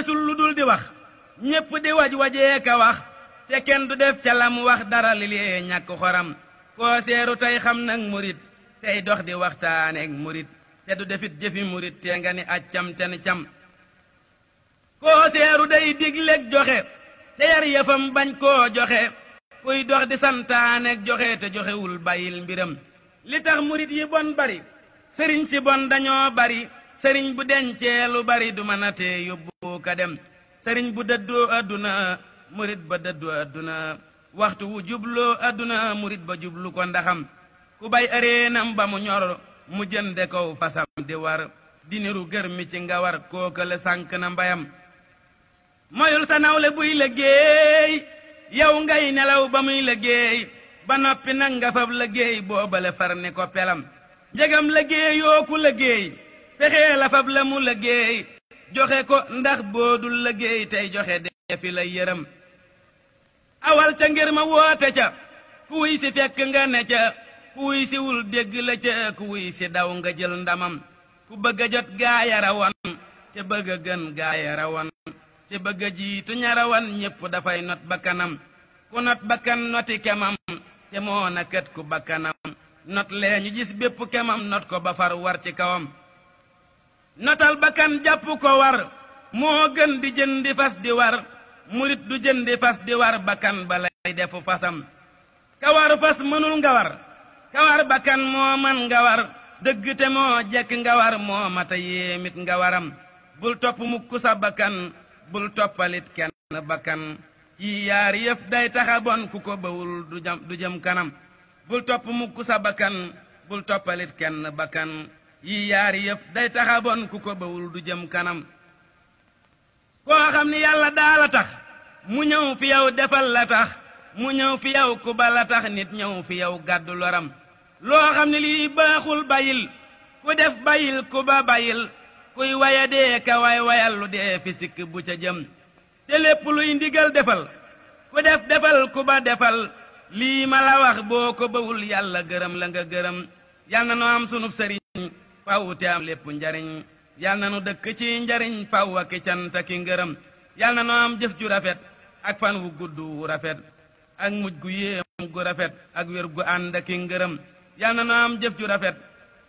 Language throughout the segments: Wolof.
desul lu dul di wax ñépp di waj wajee ka wax te du def ca lam wax dara li lee ñàkk xoram koo seeru tey xam nag murit tey dox di waxtaaneeg murit te du defit jëfi murit te nga ni accam te ni cam koo seeru day digleeg joxe te yar yëfam bañ koo joxe kuy dox di santaaneeg joxe te joxewul bàyyil mbiram li tax murit yi bon bari sëriñ si bon dañoo bari sëriñ bu dencee lu bari du mën a tee yóbbu ka dem sëriñ bu dëddoo adduna murit ba dëddoo adduna waxtu wu jubloo adduna murit ba jublu ko ndaxam ku bay areenam ba mu ñor mu jënde kow fasam di war di niru gër mi ci nga war kookale sànk na mbayam moyul sa nawle buy liggéey yow ngay nelaw ba muy liggéey ba noppi nag nga fab lëggéey boobale far ni ko pelam njegam liggéeyoo ku liggéey fexee la fab la mu liggéey joxe ko ndax boo dul liggéey tey joxe defi la yërëm awal ca ngir ma woote ca ku wuy si fekk nga ne ca ku wuy si wul dégg la ca ku wuy si daw nga jël ndamam ku bëgg a jot gaaya rawan ca bëgg ña rawan ñépp dafay not bakkanam ku not bakkan noti kemam te moo na kët ku bakkanam not lee ñu gis bépp kemam not ko ba far war ci kawam notal bakkan jàpp ko war moo gën di jëndi fas di war murit du jëndi fas di war bakkan ba lay defu fasam ka war fas mënul nga war ka war bakkan moo man nga war dëgg te moo jekk nga war moo mata yéemit nga waram bul topp mukk sa bul toppalit kenn bakkan yi yaar yëf day taxa ku ko bawul du jëm kanam bul topp mukk sa bul toppalit kenn bakkan yii yaari yëf day taxa ku ko bawul du jëm kanam koo xam ni yàlla daala tax mu ñëw fi aw defal la tax mu ñëw fi yow kuba la tax nit ñaw fi yow gàddu loram loo xam ne lii baaxul bayil ku def bayil kuba bayil kuy waya dee ka lu dee fi sikk bu ca jëm te lépp ndigal defal ku def defal kuba defal lii ma la wax boo ko yàlla gërëm la nga gërëm yàlla na noo sunub sëriñ faw te am lépp njariñ yal na nu dëkk ci njariñ faw ak i cant ak i ngërëm yal na nu am jëf ju rafet ak fan wu gudd wu rafet ak mujj gu yéem gu rafet ak wér gu ànd ak i ngërëm yal na nu am jëf ju rafet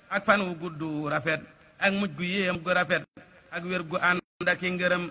ak fan wu gudd wu rafet ak muj gu yéem gu rafet ak wér gu ànd ak i ngërëm